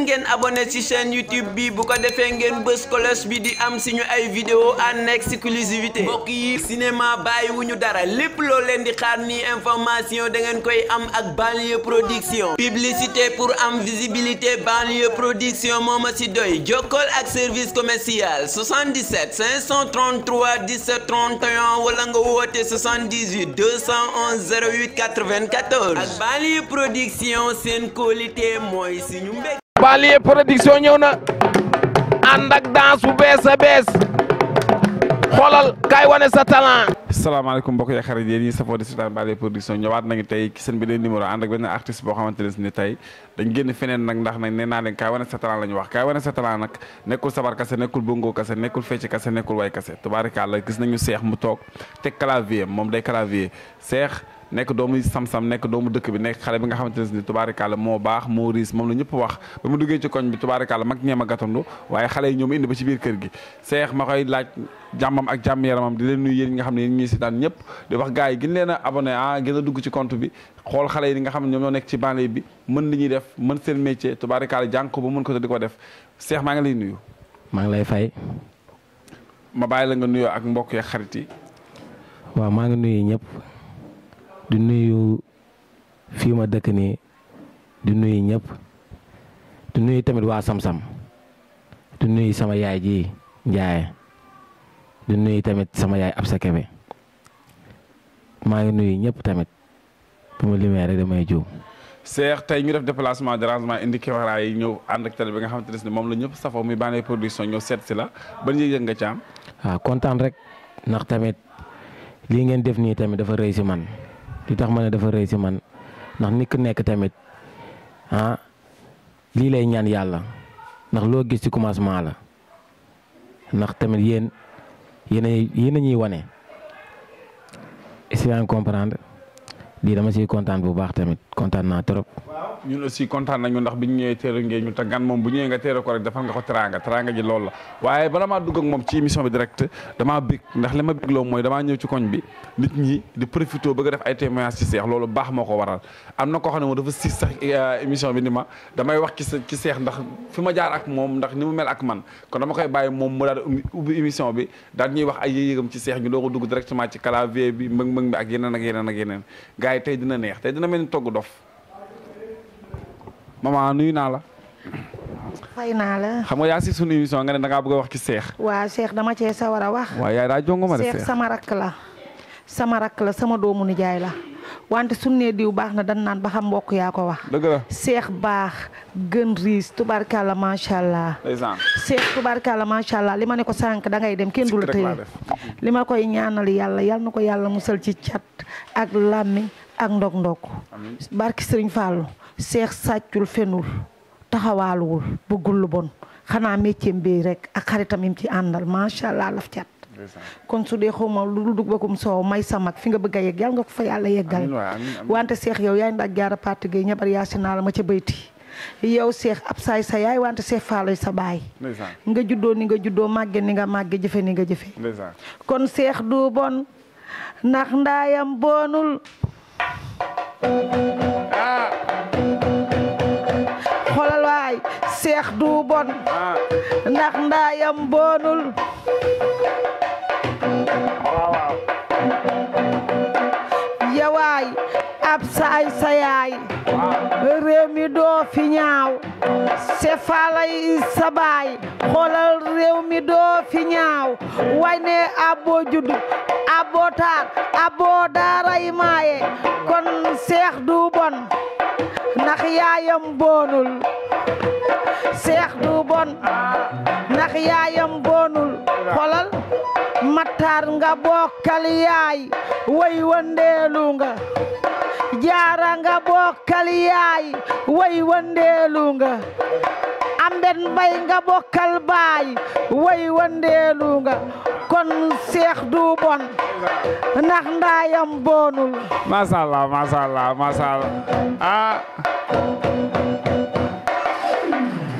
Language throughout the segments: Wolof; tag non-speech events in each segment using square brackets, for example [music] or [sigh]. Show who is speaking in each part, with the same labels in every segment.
Speaker 1: abonnez ngeen abonné ci chaîne YouTube bi bu ko défé ngeen bës cloche bi di am suñu ay vidéo en exclusivité mbokk yi cinéma bàyyiwuñu dara lepp loo leen di xaar ni information da ngeen koy am ak banlieue production publicité pour am visibilité banlieue production moma si ci doy Jokol ak service commercial 77 533 1731 31 wala nga 78 211 08 94 ak banlieue production seen qualité mooy banlieue production ñëw na ànd ak danse bu bees a bees xoolal wane sa talent.
Speaker 2: salaamaaleykum mbokk yi xarit yéen ñi safoo di seetaan banlieue production ñëwaat nañu tey ci bi leen numéro ànd ak benn boo xamante ne si ne tey dañ génn feneen nag ndax nag nee naa leen kaay wane sa talent la ñu wax kaay wane sa talent nag nekkul sabar kase nekkul bongo kase nekkul fecc kase nekkul way kase tubaarikàlla gis nañu seex mu toog teg clavier moom day clavier seex. nekk doomu sam-sam nekk doomu dëkk bi nekk xale bi nga xamante ne ni tubaarikàlla moo baax moo riis moom la ñëpp wax ba mu duggee ci koñ bi tubaarikàlla mag ñeem a gatandu waaye xale yi ñoom indi ba ci biir kër gi ma koy laaj jàmmam ak jàmm yaramam di leen nuyu yéen nga xam ne yéen ñii si daan ñëpp di wax gars yi gën a abonné ah, gën a dugg ci compte bi xool xale yi nga xam ne ñoom ñoo nekk ci banlieue bi mën li ñuy def mën seen métier tubaarikàlla jàng ko ba mën ko te di ko def seex maa ngi lay nuyu maa ngi lay fay ma bàyyi la nga nuyoo ak mbokk ya xarit yi
Speaker 3: waa maa ngi nuyu ñëpp di nuyu fii ma dëkk nii di nuyu ñëpp di nuyu tamit waa Sam-Sam di nuyu sama yaay ji Ndiaye di nuyu tamit sama yaay Absa Kebe maa ngi nuyu ñëpp tamit pour ma limee rek damay juum.
Speaker 2: Cheikh tey ñu def déplacement de rangement indi caméra yi ñëw ànd ak télé bi nga xamante ne moom la ñëpp safoo muy Banlieue Production ñëw seet si la ba yëg-yëg nga ci am.
Speaker 3: waaw ah, kontaan rek ndax tamit lii ngeen def nii tamit dafa rëy man. li tax ma ne dafa rëy si man ndax nit ku nekk tamit ah lii lay ñaan yàlla ndax loo gis ci commencement la ndax tamit yéen yéen a yéen ñuy wane est-ce que comprendre lii dama siy kontaan bu baax tamit kontaan naa trop.
Speaker 2: ñun aussi kontaan nañu ndax bi ñu ñëwee teeru ngeen ñu te gan moom bu ñëwee nga teeru ko rek defal nga ko teraanga teraanga ji loolu la waaye bala maa dugg ak moom ci émission bi direct damaa bég ndax li ma bégloo mooy damaa ñëw ci koñ bi nit ñi di profité bëgg a def ay témoignage ci seex loolu baax moo ko waral am na koo xam ne moom dafa siis euh, émission bi ni ma damay wax ci ci seex ndax fi ma jaar ak moom ndax ni mu mel ak man kon dama koy bàyyi moom mu daal ubbi émission bi daal ñuy wax ay yëyëgam ci seex ñu doo ko dugg directement ci clavier bi mbëng mbëng bi ak yeneen ak yeneen ak yeneen gars yi tey dina neex tey dina mel ni togg dof Mama nuyu na la. fay na la. xam nga ya ci sunu émission nga ne da ngaa bëgg wax ci cheikh
Speaker 4: wa cheikh dama ci sa wara wax.
Speaker 2: wa yaay da jongo ma cheikh sama
Speaker 4: rak la. sama rak la sama doomu jaay la wante sunne diw baax na dan nan ba xam mbokk ya ko wax. deug la cheikh bax gën tubarakallah ma sha allah. seex tubarkalla macha allah li ne ko sank da ngay dem koy ñaanal yalla yal nako yalla musal ci chat ak lami ak ndok ndok barki serigne Fallou cheikh sadjul fenul taxawalul bëggul lu bon xana métier bi rek ak xaritam yim ci ma sha allah laf cat. kon su dee xaw lu bakum so may samak fi nga bëgg a yegg nga ko fa yalla yeggal. wante cheikh yow yaay ndak jaara parti ge ñabar yaasi ma ci beuti yow cheikh ab sa yaay wante cheikh faaloy sa bay nga juddoo ni nga juddoo magge ni nga magge jëfé ni nga jëfé kon cheikh du bon nak ndayam bonul. xoolal waay seex du bon ndax ndaayam bonul yawaay ab saay sayaay réew mi doo fi ñaaw sefalay sabaay xoolal réew mi doo fi ñaaw wane aboo judd abbo taar abbo maaye kon seex du bon ndax yaayam bonul seex du bon ndax yaayam bonul xolal matar nga bokkal yaay way wandeelu nga jaara nga bokkal yaay way wandeelu nga anden mbay nga bokkal baay way wandeelu nga kon seex du bon ndax ndaayam bonul
Speaker 2: masha Allah masha Allah ah.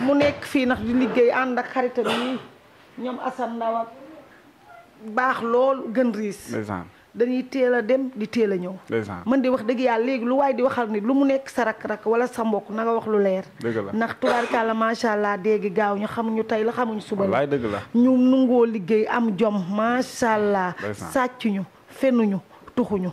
Speaker 4: mu nekk fii ndax di liggéey ànd ak xaritam yi ñoom Assane Ndaw ak baax lool gën riis dañuy teel a dem di teel a ñëw man di wax dëgg yàlla léegi lu waaye di waxal nit lu mu nekk sa rak-rak wala sa mbokk na nga wax lu leer ndax tubaarkàlla macha allah dégg gaaw ñu xamuñu tey la xamuñu suba la ñu nungoo liggéey am jom macha allah sàccuñu fenuñu tuxuñu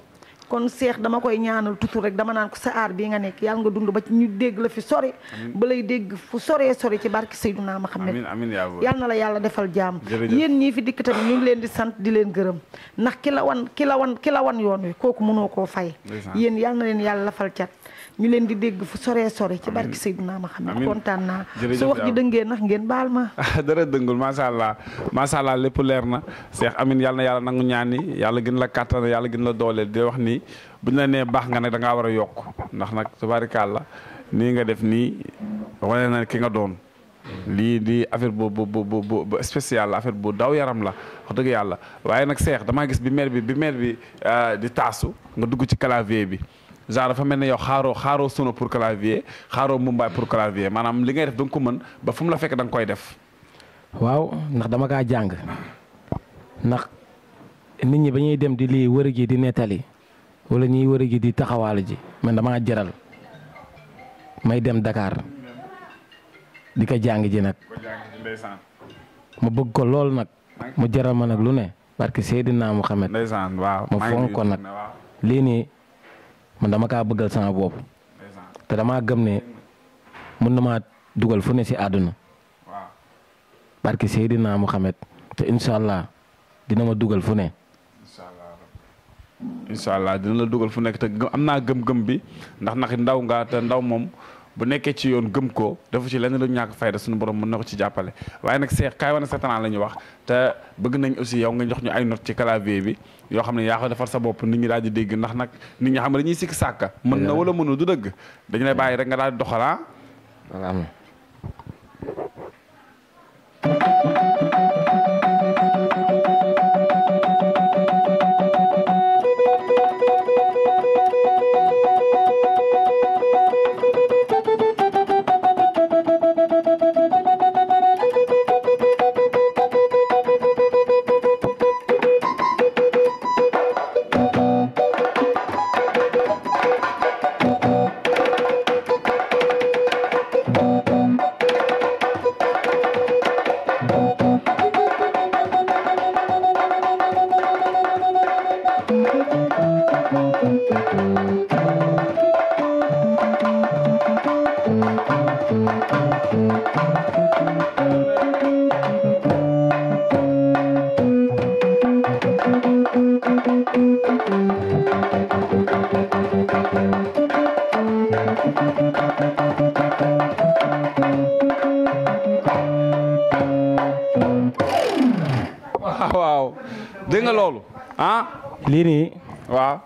Speaker 4: kon seex dama koy ñaanal tutur rek dama naan ko sa aar bii nga nekk yàlla nga dund ba ñu dégg la fi sori ba lay dégg fu soree sori ci barki Seydunaa Muhammad yàlla na la yàlla defal jaam yéen ñii fi dikk tamit ñu ngi leen di sant di leen gërëm ndax ki la wan ki wan ki wan yoon wi kooku mënoo koo fay yéen yàlla na leen yàlla lafal cat ñu leen di dégg fu soree sore ci barki Seydina Muhammad kontaan naa su wax ji dëngee nax ngeen baal ma
Speaker 2: [laughs] dara dëngul macha allah macha allah lépp leer na Cheikh amin yàlla na yàlla nangu ñaani yàlla gën la kàttan yàlla gën la dooleel di wax nii bu ñu la nee baax nga nag da ngaa a yokk ndax nag tabaarikàlla nii nga def nii wane na ki nga doon lii di affaire bu bu bu bu spécial la affaire bu daw yaram la wax dëgg yàlla waaye nag Cheikh damaa gis bi maire bi bi maire bi euh, di taasu nga dugg ci clavier bi genre dafa mel ne yow xaaroo xaaroo sono pour clavier xaaroo mumbaay pour clavier maanaam li ngay def da nga ko mën ba fu la fekk da koy def.
Speaker 3: waaw ndax dama kaa jàng ndax nit ñi ba ñuy dem di lii wër gi di nettali wala ñuy wër gi di taxawaal ji man damaa jaral may dem dakaar di ko jàng ji nag. ma bëgg ko lool nag. mu jaral ma nag lu ne. parce que Seydina Muhammad. ndeysaan fonk ko nag lii nii. ma dama kaa bëggal sama bopp te damaa gëm ne mën na maa dugal fu ne si àdduna barke Seydina Muhammad te incha allah dina ma dugal fu ne.
Speaker 2: incha allah dina la dugal fu nekk te am naa gëm-gëm bi ndax ndax ndaw nga te ndaw moom bu nekkee ci yoon gëm ko dafa ci lenn lu ñàkk fayda suñu borom mën na ko ci jàppale waaye nag seex kaay wane seetaan la ñu wax te bëgg nañ aussi yow nga jox ñu ay note ci clavier bi yoo xam ne yaa ko defar sa bopp nit ñi daal di dégg ndax nag nit ñi xam ne dañuy sikki sàkka mën na wala mënu du dëgg dañu lay bàyyi rek nga daal di doxalaa ah. waaw de nga loolu han ah? lii nii. waaw.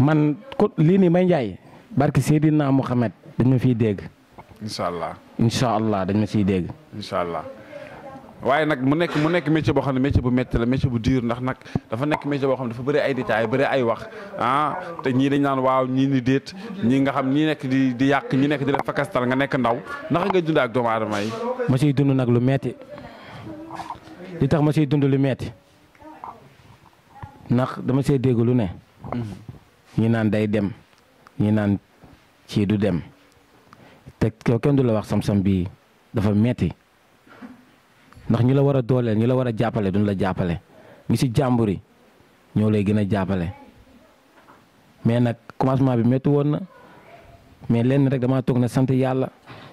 Speaker 2: man
Speaker 3: ko lii nii may njaay. barki sayidina muhammad dañu fi deg
Speaker 2: inshallah inshallah dañu ci deg inshallah waye nak mu nek mu nek métier bo xam ne métier bu metti la métier bu dur ndax nak dafa nek métier bo xam dafa bëri ay détails bëri ay wax han ah? te ñi dañ naan waaw ñi ni déet ñi nga xam ñi nek di di yak ñi nek di def fakastal nga nek ndaw nak nga dund ak doom adamay
Speaker 3: ma ci dund nak lu metti li tax ma siy dund lu metti ndax dama see dégg lu ne ñi naan day dem ñi naan ci du dem te ko kenn du la wax sam-sam bii dafa metti ndax ñi la war a dooleel ñu la war a jàppale duñ la jàppale ñi si jàmbur yi ñoo lay gën a jàppale mais nag commencement bi métti woon na mais lenn rek dama toog na sant yàlla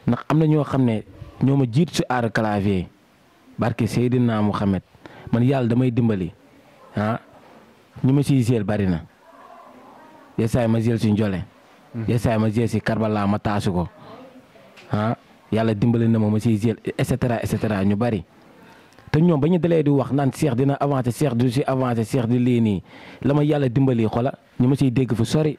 Speaker 3: ndax am na ñoo xam ne ñoo ma jiit si aar clavier barke naa Muhammad man yàlla damay dimbali ah ñi ma siy jël bari na yesaay ma jël si njole hmm. yesaay ma jël si karbala ma taasu ko ah yàlla dimbali na moom ma siy jël et cetera et cetera ñu bari te ñoom ba ñu dalee di wax naan seex dina avancé seex du si avancé seex di lii nii la ma yàlla dimbali xola ñu ma siy dégg fu sori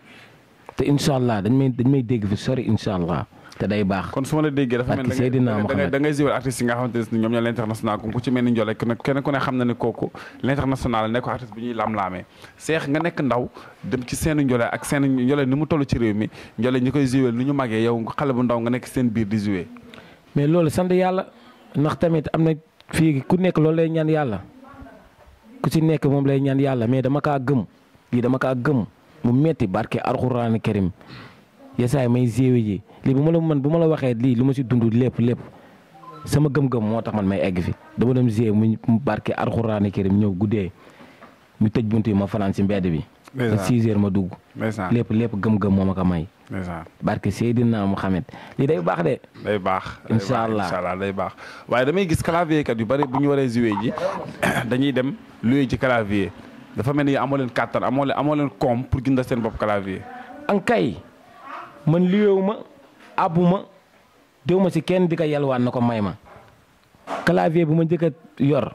Speaker 3: te incha allah dañ may dañ may dégg fu sori incha allah. te day baax.
Speaker 2: kon su ma la déggee dafa mel ni da ngay ziwal artistes yi nga xamante ne ñoom ñoo l'international ku ci mel ni Ndiolé kenn ku xam na ne kooku l'international nekk artiste bu ñuy lam-laamee Cheikh nga nekk ndaw dem ci seen Ndiolé ak seen Ndiolé ni mu toll ci réew mi Ndiolé ñu koy ziwal ni ñu màggee yow xale bu ndaw nga nekk seen biir di ziwee.
Speaker 3: mais loolu sant yàlla ndax tamit am na fii ku nekk loolu lay ñaan yàlla ku ci nekk moom lay ñaan yàlla mais dama kaa gëm lii dama kaa gëm mu metti barke alxuraan karim yesaay may ziwe ji lii bu ma la man bu ma la waxee lii lu ma si dund lépp lépp sama gëm-gëm moo tax man may egg fi dama dem gisee mu barke alxuraani kërim ñëw guddee mu tëj bunt yi ma fanaan si mbedd bi. ba 6 heures ma dugg. lépp lépp gëm-gëm moo ma ko may. barke Seydina Muhammad lii day baax de.
Speaker 2: day baax incha allah incha allah day baax waaye damay gis clavier kat yu bari bu ñu waree jouer ji [coughs] dañuy dem louer ci clavier dafa mel ni amoo leen kàttan amoo leen amoo koom pour gindal seen bopp clavier.
Speaker 3: abuma déw ma si kenn di ko yalwaan na ko may ma clavier bu ma njëkk yor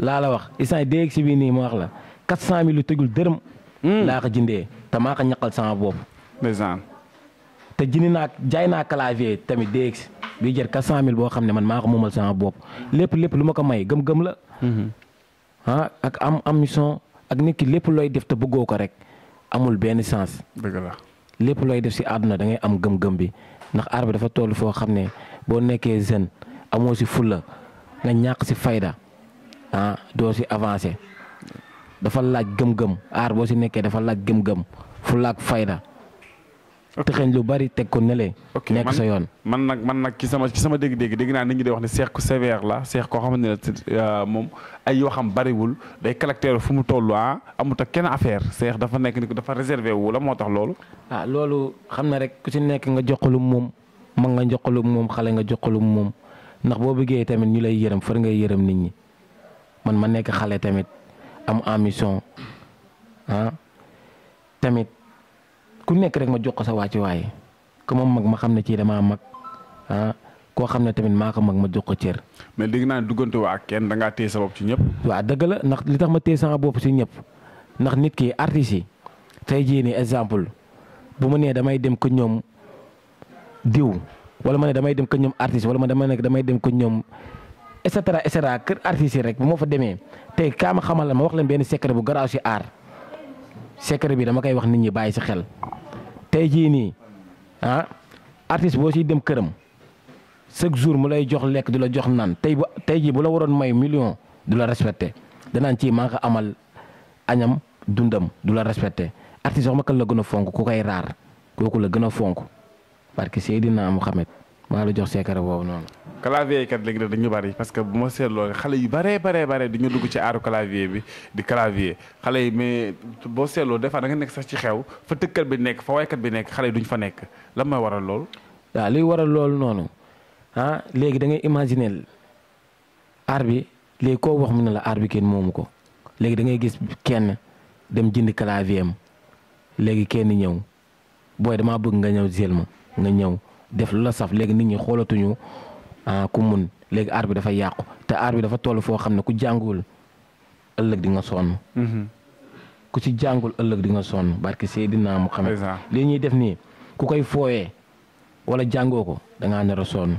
Speaker 3: laa la wax instant déeg si bii nii ma wax la quatre cent mille lu tëjul dërëm hmm. laa ko jëndee te maa ko ñaqal sama bopp te jënd naa jaay naa clavier tamit déeg si bii jër quatre cent mille boo xam ne man maa ko moomal sama bopp lépp lépp lu ma ko may gëm-gëm la hmm. ah ak am ambition ak nit ki lépp looy def te bëggoo ko rek amul benn sens lépp looy def si àdduna da ngay am gëm-gëm bi ndax aar bi dafa toll foo xam ne boo nekkee jeune amoo si fulla nga ñàkk si fayda ah doo si avancé dafa laaj gëm-gëm aar boo si nekkee dafa laaj gëm-gëm fulla ak fayda. tëxëñ lu bari teg ko ne leen. nekk sa yoon
Speaker 2: man nag man nag ki sama ki sama dégg-dégg dégg naa nit ñi day wax ne seex ku sévère la seex koo xamante ne euh, moom ay yoo xam bariwul day caractère fu mu toll ah amut ak kenn affaire seex dafa nekk ni dafa réservé wu la moo tax
Speaker 3: ah loolu xam rek ku ci nekk nga joxalu moom mag nga joxalu moom xale nga joxalu moom ndax boo bëggee tamit ñu lay ngay nit ñi man ma nekk xale tamit am ambition ah tamit. ku nekk rek ma jox ko sa wàcc waaye ku ma mag ma xam ne ci damaa mag ah koo
Speaker 2: xam ne tamit maa ko mag ma jox ko cër. mais dégg naa ne duggante waa ak kenn da ngaa téye sa bopp ci ñëpp. waaw dëgg la
Speaker 3: ndax li tax ma téye sama bopp ci ñëpp ndax nit ki artistes yi tey jii nii exemple bu ma nee damay dem ko ñoom diw wala ma ne damay dem ko ñoom artiste wala ma dama nekk damay dem ko ñoom et cetera et cetera kër artistes yi rek bu ma fa demee tey kaa ma xamal la ma wax leen benn secret bu garaaw ci aar. secret bi dama koy wax nit ñi bàyyi si xel tey jii nii ah artiste boo siy dem këram chaque jour mu lay jox lekk du la jox naan tey bu tey jii bu la waroon may million du la respecté danaan ci maa ko amal añam dundam du la respecté artiste wax ma kan la gën a fonk ku koy raar kooku la gën a fonk parce que Seydina Muhammad maa la jox seekare boobu
Speaker 2: noonu. clavier yi kat léegi nag dañu bari parce que bu ma seetloo xale yu baree bare baree dañu dugg ci aaru clavier bi di clavier xale yi mais boo seetloo des fois nga nekk sax ci xew fa tëkkat bi nekk fa waykat bi nekk xale yi duñ fa nekk lan mooy waral loolu.
Speaker 3: waaw liy waral loolu noonu ah léegi da ngay imaginer aar bi léegi koo wax mu ne la aar bi kenn moomu ko léegi da ngay gis kenn dem jënd clavier léegi kenn ñëw booy damaa bëgg nga ñëw jël ma nga ñëw. def lu la saf léegi nit ñi xoolatuñu ah, ku mun léegi aar bi dafa yàqu te aar bi dafa toll foo xam ne ku jàngul ëllëg di nga sonn. Mhm. ku ci jàngul ëllëg di nga sonn barke Seydina Muhammad.
Speaker 2: lii ñuy def nii ku koy fooyee wala jàngoo ko da ngaa sonn.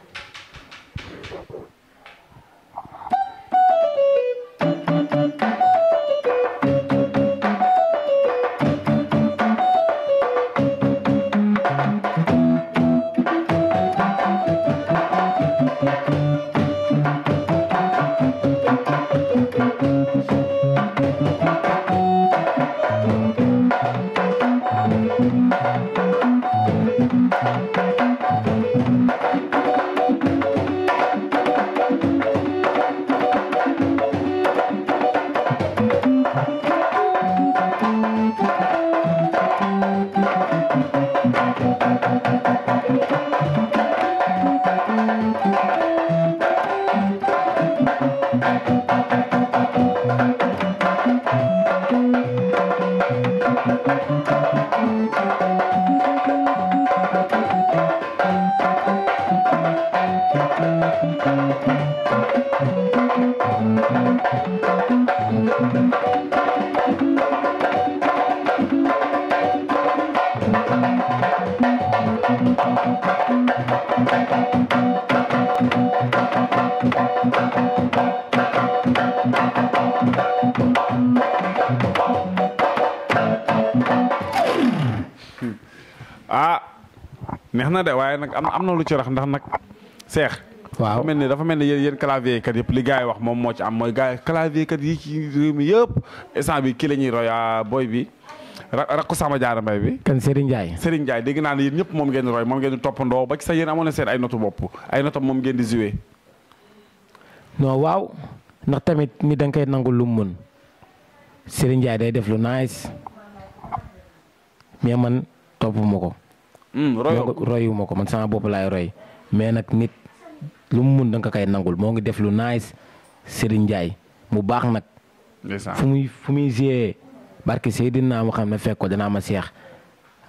Speaker 2: na de waaye nag am am na lu ci rax ndax nag seex waaw mel ni dafa mel ni yéen yéen clavier kat yëpp li gars yi wax moom moo ci am mooy gars yi clavier kat yi ci réew mi yëpp instant bi kii la ñuy roya ah, booy bi rakku sama jaara boy bi kan Serigne Ndiaye Serigne Ndiaye dégg naa ne yéen ñëpp moom ngeen di roy moom ngeen di toppandoo ba ci sax yéen amoon na seen ay notu bopp ay notam moom ngeen di joué
Speaker 3: non waaw ndax tamit ni da koy nangu lu mu mën Serigne Ndiaye day def lu nice mais man topp ma ko Mm, royuma ko man sama bopp laay roy mais nag nit lu mu mun da nga koy nangul moo ngi def lu nice Serigne Ndiaye mu baax nag. fu muy fu muy géeyee barke Seydina ma xam ne fekk ko danaa ma seex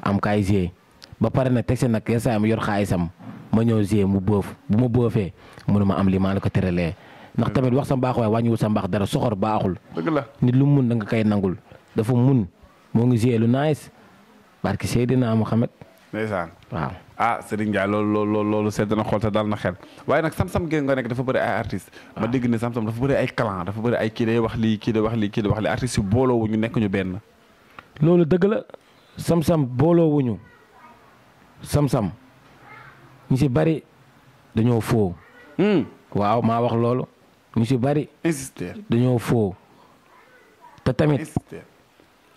Speaker 3: am kaay géey ba pare nag teg si nag saa mu yor xaalisam ma ñëw géey mu boof bu ma boofee mënuma am li maa la ko tëralee. ndax mm. tamit wax sa mbaax waaye wàññiwul sa mbaax dara soxor baaxul. nit lu mun da nga kay nangul dafa mun moo ngi géey lu nice barke Seydina Mohamed.
Speaker 2: ndeysaan waaw a ah, Serigne Ndiaye loolu loolu loolu sedd na xool te dal na xel waaye nag sam-sam gi nga nekk dafa bëri ay artiste ah. ma dégg ne sam-sam dafa bëri ay clan dafa bëri ay kii day wax lii kii day wax lii kii day wax lii artistes yu booloowu ñu nekk ñu benn
Speaker 3: loolu dëgg la sam-sam booloowuñu sam-sam ñu si bari dañoo foo hmm. waaw maa wax loolu ñu si bari insister dañoo foo te tamit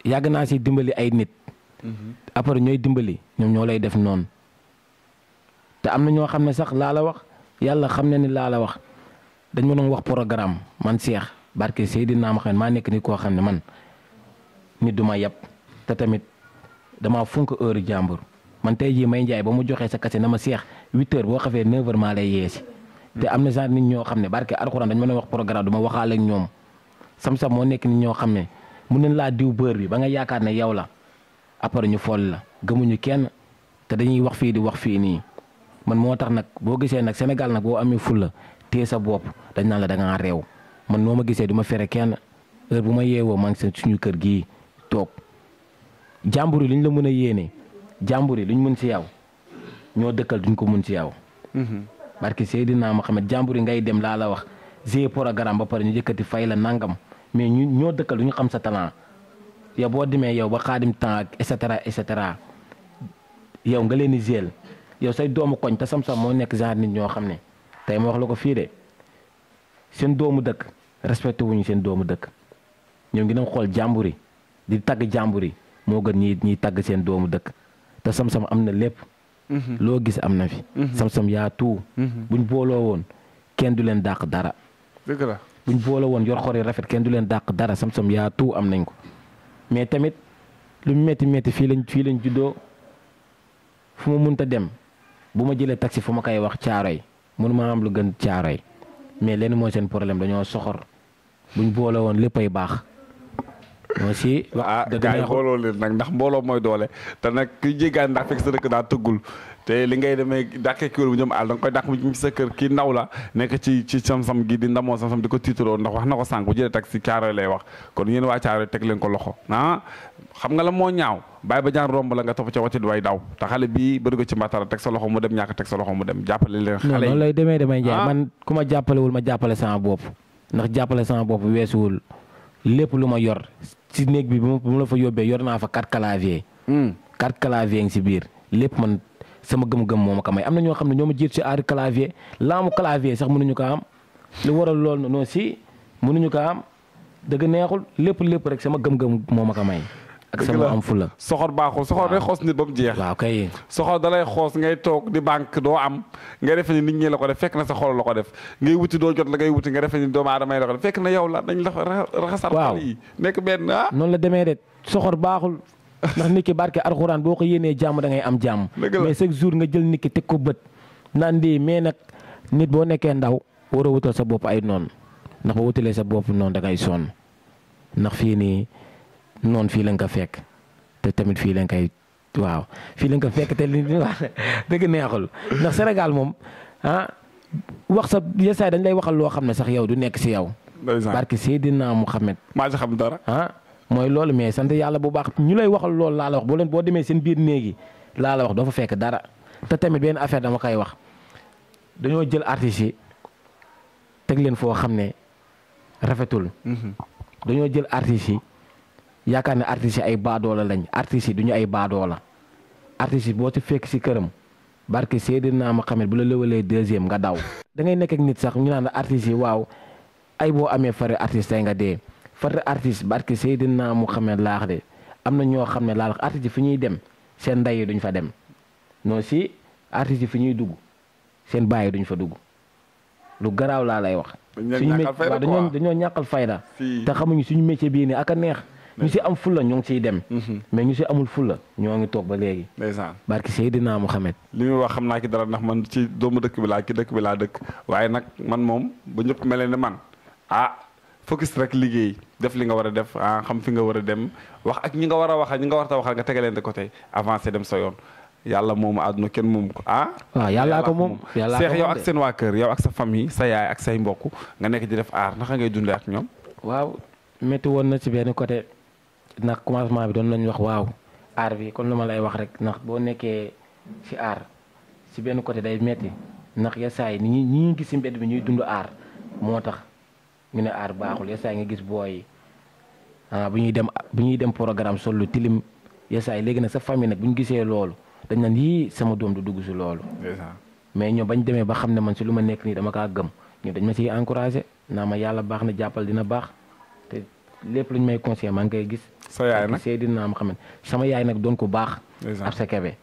Speaker 3: yàgg naa si dimbali ay nit après ñooy dimbali ñoom ñoo lay def noonu te am na ñoo xam ne sax laa la wax yàlla xam ne ni laa la wax dañ ma doon wax programme man Cheikh barke Seydina Muhammad maa nekk ni koo xam ne man nit du ma yab te tamit damaa fonk heure jàmbur man tey jii may njaay ba mu joxee sa kase na ma Cheikh huit heures boo xafee neuf heures lay yeesi te am na genre nit ñoo xam ne barke alxuraan dañ ma doon wax programme du ma waxaale ñoom sam-sam moo nekk nit ñoo xam ne mun na laa diw bër bi ba nga yaakaar ne yow la après ñu fool la gëmuñu kenn te dañuy wax fii di wax fii nii man moo tax nag boo gisee nag Sénégal nag boo amee fulla téye sa bopp dañ naa la da ngaa réew man noo ma gisee du ma fere kenn heure bu ma yeewoo maa ngi suñu kër gi toog jàmbur yi lu ñu la mën a yéene jàmbur yi lu ñu mën si yow ñoo dëkkal duñ ko mun si yow. Mm-hmm. barki Seydina Mohamed jàmbur yi ngay dem laa la wax g programme ba pare ñu yëkkati fay la nangam mais ñoo dëkkal du xam sa talent. yow boo demee yow ba xaadim temps ak et cetera et yow nga leen di géel yow say doomu koñ te sam moo nekk genre nit ñoo xam ne tey ma wax la ko fii de doomu dëkk respecté wuñu seen doomu dëkk ñoo ngi dem xool jàmbur yi di tagg jàmbur yi moo gën ñi ñiy tagg seen doomu dëkk te sam-sam am na lépp mhm. loo gis am na fi mhm. sam-sam yaa tout mhm. buñ booloo woon kenn du leen dàq dara dëgg la buñ booloo woon yor xor rafet kenn du leen dàq dara sam-sam yaa tout am nañ ko mais tamit lu mu métti métti fii lañ fii lañ juddoo fu ma mënta dem bu ma jëlee taxi fu ma koy wax caaroy mënu ma am lu gën caaroy mais lenn mooy seen problème dañoo soxor buñ boole woon léppay baax.
Speaker 2: aussi. si la ah gars yi booloo nag ndax mbooloo mooy doole te nag ki jéggaan ndax fekk sa dëkk daa tëggul te li ngay demee dàkkee kiwér bu jëm àll sa kër kii ndaw la nekk ci ci sam-sam gi di ndamoo sam-sam di ko tiitaroo ndax wax na ko sànq bu jëlee taxi caaroy lay wax kon yéen waa caaroy teg leen ko loxo ah, xam nga la moo ñaaw bàyyi ba jaan romb la nga topp ca wàcc way daw te xale bii bëri ko ci mbatara sa loxo mu dem ñàkk teg sa loxo mu dem jàppale leen xale yi
Speaker 3: lay demee damay jaay ah. man ku ma jàppalewul ma jàppale sama bopp ndax jàppale sama bopp wul lépp lu ma yor ci néeg bi bu ma la fa yóbbee yor naa fa quatre clavier hmm. quatre clavier ngi si biir lépp man sama gëm-gëm moo ma ko may am na ñoo xam ne ñoo ma jiitu si aari clavier laamu clavier sax mënuñu ko am lu waral lool noonu si mënuñu ko am dëgg neexul lépp lépp rek sama gëm-gëm moo ma ko may. ak sama am
Speaker 2: fula soxor baaxul soxor day xoos nit ba mu jeex. waaw kay soxor dalay xoos ngay toog di banque doo am nga defe ni nit ñi la ko def fekk na sa xol la ko def ngay wuti doo jot la ngay wuti nga defe ni doomu aadama yi la def fekk na yow la dañ la raxasal xol yi nekk benn ah
Speaker 3: noonu la demee de soxor ndax nit ki barke alxuraan boo ko yéenee jàmm da ngay am jàmm. mais chaque jour nga jël nit ki teg ko bët. naan di mais nag nit boo nekkee ndaw war a wutal sa bopp ay noon ndax boo wutalee sa bopp noonu dangay ngay sonn ndax fii nii noon fii lañ ko fekk te tamit fii lañ koy waaw fii lañ ko fekk te li wax [laughs] dëgg neexul ndax senegal moom ah, wax sa yesaay dañ lay waxal loo xam ne sax yow du nekk si yow. barke Seydina Muhammad maa si xam dara ah, mooy loolu mais sant yàlla bu baax ñu lay waxal loolu laa la wax boo leen boo demee seen biir néegi laala la wax doo fa fekk dara te tamit benn affaire dama koy wax dañoo jël artistes yi teg leen foo xam ne rafetul. Mhm. dañoo jël artistes yi yaakaar ne artistes yi ay baadoola lañ artistes yi duñu ay baadoola artistes yi boo te fekk si këram barke Seydina Muhammad bu la lëwalee deuxième nga daw. da ngay nekk ak nit sax ñu naan artistes yi waaw ay boo amee fari artistes yi nga dee. fata artiste barke Seydina Muhammad laax de am na ñoo xam ne laal artiste yi fi ñuy dem seen ndey yi duñ fa dem non si artiste yi fi ñuy dugg seen baay yi duñ fa dugg lu garaaw laa lay wax. dañoo ñàkkal fayda dañoo dañoo ñàkkal fayda. te xamuñu suñu métier bii nii ak a neex. ñu si am fulla ñoo ngi siy dem. Mhm. mais ñu si amul fulla ñoo ngi toog ba léegi. ndeysaan barki Seydina Mohamed.
Speaker 2: li muy wax xam naa ki dara ndax man ci doomu dëkk bi laa ci dëkk bi laa dëkk waaye nag man moom ba ñëpp mel man ah, focus rek liggéey def li nga war a def ah xam fi nga war a dem wax ak ñi nga war a waxal ñi nga war a waxal nga tegalante côté avancé dem sa yoon yàlla moomu àdduna kenn moom ko ah. waaw yàllaa ko moom yàllaa ko yow ak seen waa kër yow ak sa famille sa yaay ak say mbokk nga nekk di def aar naka ngay dundee ak ñoom. waaw métti woon na ci benn
Speaker 3: côté ndax commencement bi doon nañu wax waaw aar bi kon lu ma lay wax rek ndax boo nekkee fi aar si benn côté day métti ndax ya saa yi ni ñuy gis ci mbedd bi ñuy dund aar moo tax. ñu ne aar baaxul yesaay nga gis boo ah bu ñuy dem bu ñuy dem programme sol lu tilim yesaay léegi nag sa famille nag bu ñu gisee loolu dañ naan yii sama doom du dugg si loolu. mais ñoom bañ demee ba xam ne man si lu ma nekk nii dama kaa gëm ñoom dañ ma siy encouragé naa ma yàlla baax na jàppal dina baax te lépp luñ may conseillé maa ngi koy gis. sa yaay nag seedi naa ma xam ne sama yaay nag doon ko baax. ab sa kebe.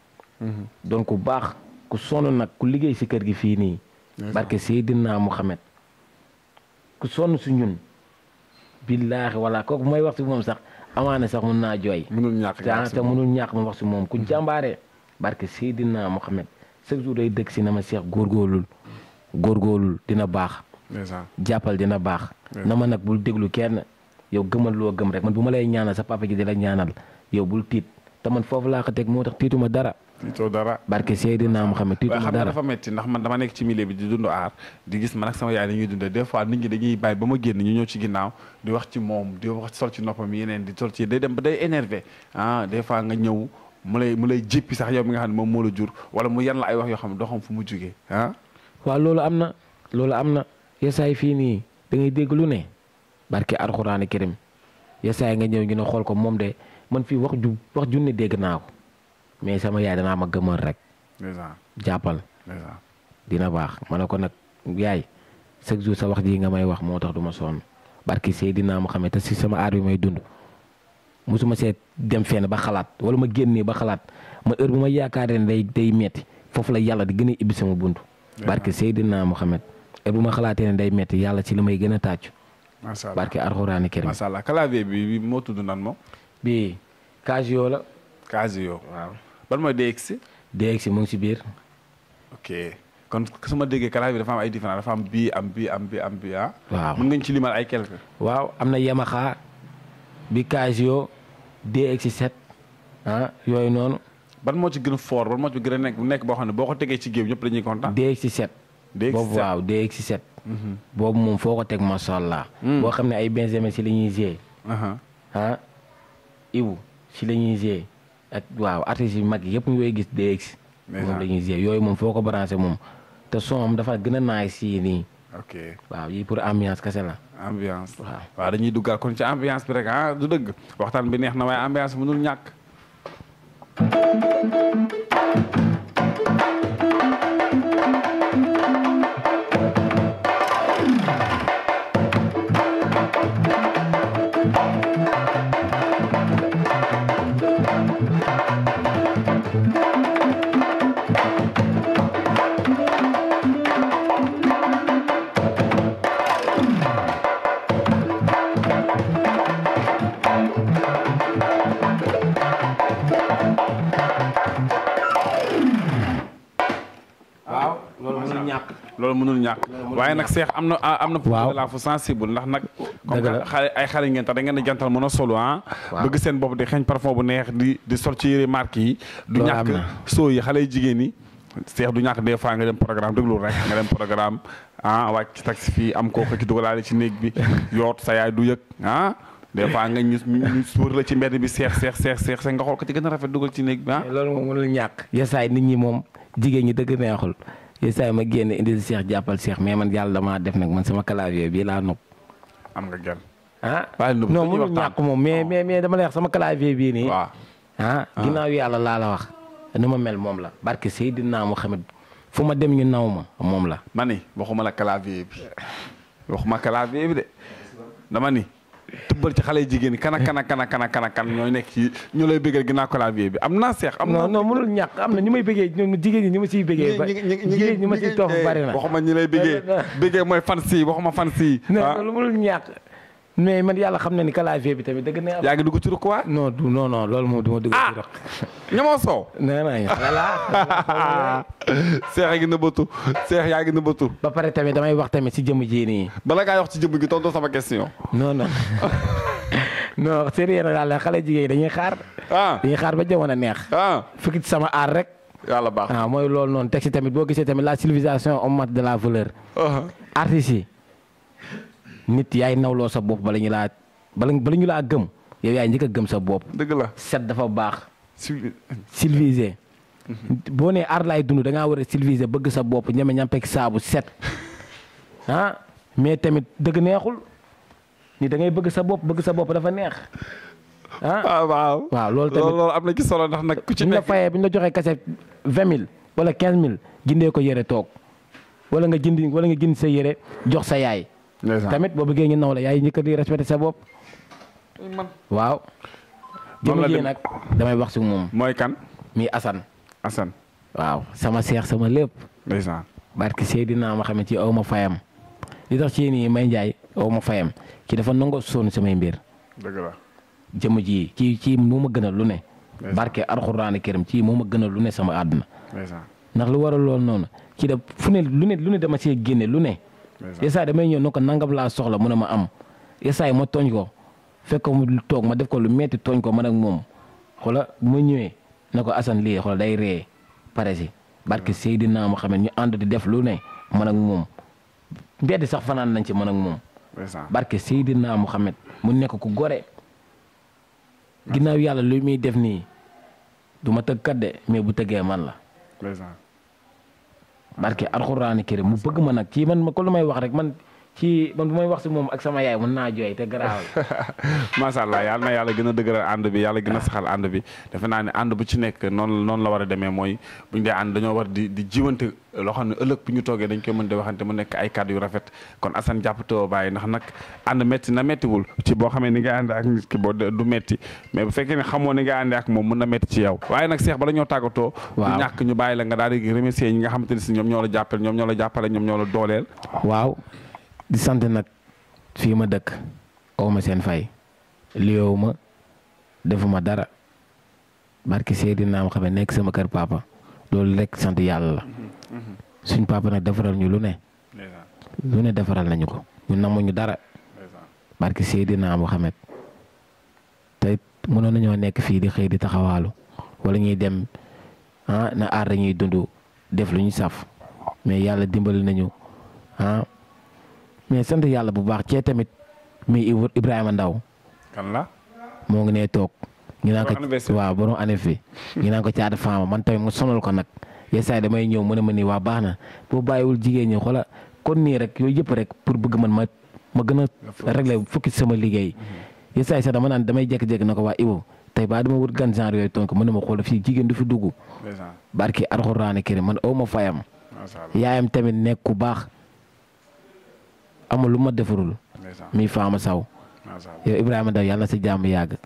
Speaker 3: doon ku baax ku sonn nag ku liggéey si kër gi fii nii. barke Seydina Muhammad ku sonn su ñun billaahi wala kooku mooy wax si moom sax amaane sax mun naa jooy. mënul ñàkk te mënul ñàkk ma wax si moom ku jàmbaare. barke Seydina Mohamed chaque jour day dëkk si na ma seex góor góorlul dina baax. jàppal dina baax. na ma nag bul déglu kenn yow gëmal loo gëm rek man bu ma lay ñaanal sa papa ji di la ñaanal yow bul tiit te man foofu laa ko teg moo tax tiituma dara. tiitoo dara barke Seydina Muhammad tiitoo dara xam nga dafa
Speaker 2: métti ndax man dama nekk ci milieu bi di dund aar di gis man ak sama yaay dañuy dund des fois nit ñi dañuy bàyyi ba ma génn ñu ñëw ci ginnaaw di wax ci moom di wax sol ci noppam yeneen di sol ci day dem ba day énervé ah nga ñëw mu lay mu lay jéppi sax yow mi nga xam ne moom moo la jur wala mu yan la ay wax yoo xam ne doo mu jugee ah waaw am na loolu am na yesaay fii
Speaker 3: nii da ngay dégg lu ne barke alxuraani karim yesaay nga ñëw ñu ne xool ko moom de man fii wax ju wax junne dégg naa ko mais sama yaay danaa ma gëmoon rek. jàppal. dina baax ma ne kon nag yaay chaque jour sa wax ji nga may wax moo tax du ma sonn barki Seydina Muhammad te si sama aar bi may dund mosuma seet dem fenn ba xalaat wala ma génnee ba xalaat ma heure bu ma yaakaaree ne day day metti foofu la yàlla di gën a bunt. barki Seydina Muhammad heure bu ma xalaatee ne day metti yàlla ci la may gën a tàccu.
Speaker 2: macha allah barki alxuraani kër macha allah moo tudd nan moom. bii Casio la. Casio waaw. ban mooy DXC. DXC mu ngi si biir. ok kon su ma déggee classe bi dafa am ay différence dafa am bii am bii am bii am bii ah. waaw mën ngañ ci limal ay quelque.
Speaker 3: waaw am na Yamaha bi Casio DXC7 ah yooyu noonu.
Speaker 2: ban moo ci gën a fort ban moo ci gën a nekk nekk boo xam ne boo ko tegee ci géew ñëpp dañuy kontaan. DXC7. DXC7 boobu waaw DXC7. Mhm.
Speaker 3: boobu moom foo ko teg macha allah. Mhm. boo xam ne ay Benjamin si la ñuy géej. ah Ibu si la ñuy géej. ak waaw artistes yu mag yëpp ñooy gis DX. moom la yooyu moom foo ko branché moom te son dafa gën a naay si nii. ok waaw yii pour
Speaker 2: ambiance kese la. ambiance waaw. waaw dañuy duggaat kon ci ambiance bi rek ah du dëgg waxtaan bi neex na waaye ambiance mënul ñàkk. loolu mënul ñàkk waaye nag seex am na ah, am na problème la fu sensible ndax nag comme xale ay xale ngeen tax da ngeen a jantal mën a solo ah. bëgg seen bopp di xeeñ parfum bu neex di di sol ci yére marque yi du ñàkk soo yi xale yi jigéen yi seex du ñàkk des fois nga dem programme déglu rek nga dem programme ah wàcc ci taxi fii am koo xëcc dugalaale ci néeg bi [laughs] yoot sa yaay du yëg ah des fois nga ñu ñu suur la ci mbedd bi seex seex seex seex nga xool ko ci gën a rafet dugal ci néeg bi ah loolu moom mënul ñàkk
Speaker 3: yesaay nit ñi moom jigéen ñi dëgg neexul yenn saa yi ma génn indil si Cheikh jàppal Cheikh mais man yàlla damaa def nag man sama clavier bii laa nopp. am nga gan. ah non mënul ñàkk moom mais oh. mais mais dama lay wax sama clavier bii nii. waaw ah, ah. ginnaaw yàlla laa la wax. nu ma mel moom la barke Seydina
Speaker 2: Muhammad fu ma dem ñu naw ma moom la. ma ni waxuma la clavier bi ma clavier bi de dama tëbbal ci xale yu jigéen ñi kan ak kan ak kan ak kan ak kan ak kan ñooy nekk ci ñoo lay bëggal ginnaaw ko laa vie bi am naa seex. am na non non
Speaker 3: mënul am na ñu may bëggee ñoom jigéen ñi ñu ma siy bëggee. ñi ñi ma siy toog bari na waxuma
Speaker 2: ñi lay bëggee bëggee mooy fan si waxuma fan si.
Speaker 3: mais man yàlla xam ne ni clavier bi tamit dëgg na. yaa ngi dugg ci ruq waa. non du non non loolu moom du ma dugg ci ah! ruq. ñamoo soow. [laughs] nee naa voilà. [laughs] seex a ngi nëbbatu seex ba pare tamit damay wax tamit ci jëmm ji nii. bala
Speaker 2: ngaa wax ci jëmm ji tontu sama question.
Speaker 3: non non [laughs] non sérieux na daal xale jigéen dañuy xaar. ah xaar ba jamono neex. ah sama aar rek. yàlla baax ah mooy loolu noonu teg tamit boo gisee tamit la civilisation au de la valeur. Uh-huh. artistes yi. nit yaay nawloo sa bopp bala ñu laa bala bala ñu laa gëm yow yaay njëkk a gëm sa bopp. dëgg la set dafa baax. civilisé mhm. boo nee aar laay dund da ngaa war a civilisé bëgg sa bopp ñeme ñampeg saabu set [laughs] ah mais tamit dëgg neexul ni da ngay bëgg sa bopp bëgg sa bopp dafa neex. ah, ah
Speaker 2: waaw waaw loolu tamit am na ci solo ndax nag. ku ci nekk bu ñu la fayee
Speaker 3: bu ñu la joxee kese vingt mille wala quinze mille jëndee ko yére toog wala nga jënd wala nga jënd sa yére jox sa yaay. tamit boo bëggee ñu naw la yaay njëkk di respecté sa bopp. waaw. moom la nag damay wax si moom. mooy kan. mii Assane. Assane. waaw sama seex sama lépp. ndeysaan. barki naa ma xam ci aw ma fayam. li tax ci nii may njaay aw ma fayam ci dafa nangoo son samay mbir. dëgg la. jëmm ci ci moo ma gënal lu ne. barke alxuraani këram ci moom ma gëna lu ne sama àdduna. ndax lu waral lool noonu ci da fu ne lu ne lu ne dama see génne lu ne. yesaay damay ñëw ne ko nangam laa soxla mu ne ma am yesaay ma tooñ ko fekk mu toog ma def ko lu metti tooñ ko man ak moom xoola ma ñëwee ne ko Assane lii xoola day ree pare si barke hmm. Seydina ma xam ne ñu ànd di def lu ne man ak moom mbedd sax fanaan nañ ci man ak moom. barke Seydina Muhammad mu nekk ku gore. ginnaaw yàlla lu muy def nii du ma tëgg kat de mais bu tëggee man la. barke alxuraani karim mu bëgg ma nag ci man ma ko lu may wax rek man ci man may wax si moom ak sama yaay mën naa jooy te garaaw
Speaker 2: [laughs] macha allah gën a dëgëral ànd bi yàlla gën a saxal ànd bi defe naa ne ànd bu ci nekk noonu noonu la war a demee mooy bu ñu dañoo war di di jiwante loo xam ne ëllëg ñu toogee dañ koy mën di waxante mu nekk ay kàddu yu rafet kon Assane jàppatoo bàyyi ndax nag ànd métti na méttiwul ci boo xamee ni nga ànd ak nit ki boo du métti mais bu fekkee moom mën na métti ci yow waaye nag Cheikh bala ñoo tàggatoo du ñàkk ñu bàyyi la nga daal di remercier ñi nga xamante ne si ñoom ñoo la jàppale ñoom ñoo la jàppale ñoom ñoo la dooleel waaw di sant nag
Speaker 3: fii ma dëkk aw ma seen fay liyow ma defuma dara barki Seydina am xam ne nekk sama kër papa loolu rek sant yàlla la mhm, mhm. suñ papa nag defaral ñu lu ne lu ne defaral nañu ko ñu namuñu dara barki Seydina am xamet te mënoon nañoo nekk fii di xëy di taxawaalu wala ñuy dem ah na aar dañuy dund def lu ñu saf mais yàlla dimbali nañu ah mais sant yàlla bu baax cee tamit muy Ibrahima Ndaw kan la moo ngi nee toog. ñu naan ko waaw borom année fi ñu naan ko caada faama man tamit mu sonal ko nag yesaay damay ñëw mu ne ma nii waa baax na boo bàyyiwul jigéen ñi xoola kon nii rek yooyu yëpp rek pour bëgg man ma ma gën a régler fukki sama liggéey mm-hmm. yesaay sax dama naan damay jékki-jékki na ko waa Ibo tey baa dama wut gan genre yooyu tonk mu ne ma xoola fii jigéen du fi dugg barki Alxuraan Karim man aw ma yaayam tamit nekk ku baax amul lu ma defarul. mi faama saw yow Ibrahima Ndaw yàlla na si jàmm yàgg.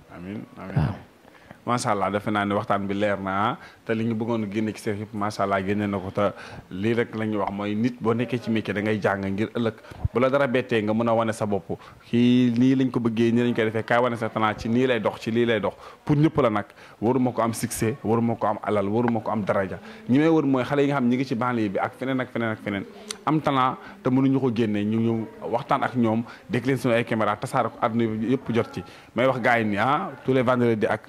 Speaker 2: macha allah defe naa ne waxtaan bi leer na ah te li ñu bëggoon génne ci seef yëpp macha allah génne na ko te lii rek la ñuy wax mooy nit boo nekkee ci métier da ngay jàng ngir ëllëg bu la dara bettee nga mën a wane sa bopp kii lii lañ ko bëggee nii lañ koy defee ka wane sa talent ci nii lay dox ci lii lay dox pour ñëpp la nag waruma ko am succès waruma ko am alal waruma ko am daraja ñi may wër mooy xale yi nga xam ñi ngi ci banlieue bi ak feneen ak feneen ak feneen am ko génne ñu ñu waxtaan ak ñoom dégg leen suñu ay caméra ko àdduna yëpp jot ci may wax gars yi ni ah tous les vendredis ak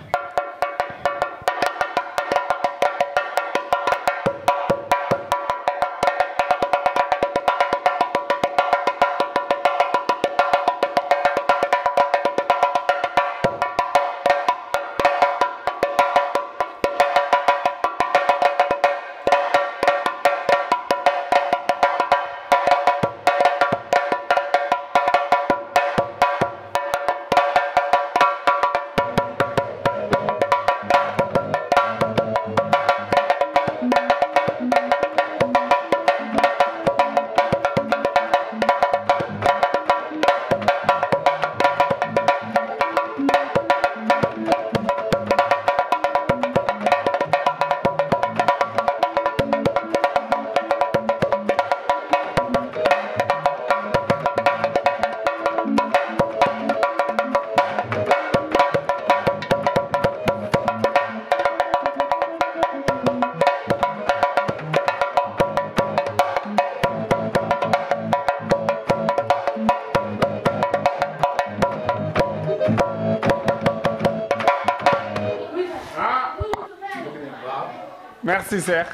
Speaker 2: merci Cheikh.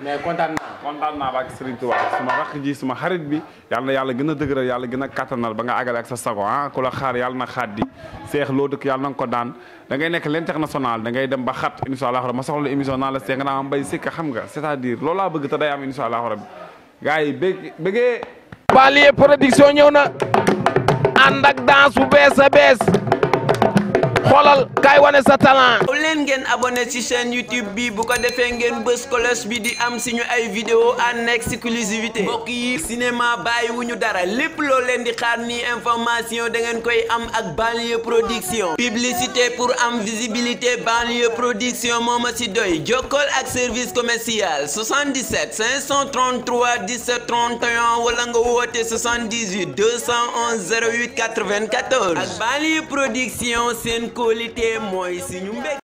Speaker 2: mais kontaan naa kontaan naa baak Serigne Touba suma ji suma xarit bi yàlla na yàlla gën a dëgëral yàlla gën a kattanal ba nga a ak sa sago ah ku la xaar yàlla na xaat di seex loo dëkk yàlla na ko daan da ngay nekk l'international da ngay dem ba xat insha allah rabbi ma soxla émission naa la seex nga naa am mbay sikka xam nga c'est-à-dire loolu bëgg te day am insha allah rabbi
Speaker 1: bëggee Palier production ñëw na ànd ak danse bu bees a bees xolal kay wone sa talent. bu len ngeen abonné ci chaîne YouTube bi bu ko défé ngeen bës cloche bi di am suñu ay vidéo en exclusivité mbokk yi cinéma bàyyi wu dara lépp loo leen di xaar ni information da ngeen koy am ak banlieue production publicité pour am visibilité banlieue production moma ci doy jokkool ak service commercial 77 533 17 31 wala nga woté 78 211 08 94 ak banlieue production seen ko li témoin si ñu mbég